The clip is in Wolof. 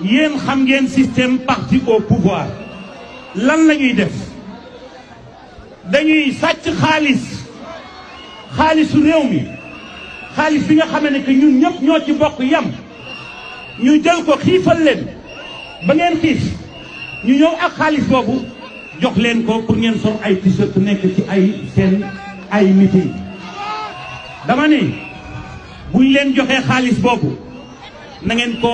yéen xam ngeen système parti ko pouvoir lan la ñuy def dañuy sàcc xaalis xaalisu réew mi xaalis bi nga xamee ne que ñun ñëpp ñoo ci bokk yam ñu jël ko xiifal leen ba ngeen xiif ñu ñëw ak xaalis boobu jox leen ko pour ngeen ay t-shirt nekk ci ay seen ay meeting dama ni buñ leen joxe xaalis boobu na ngeen ko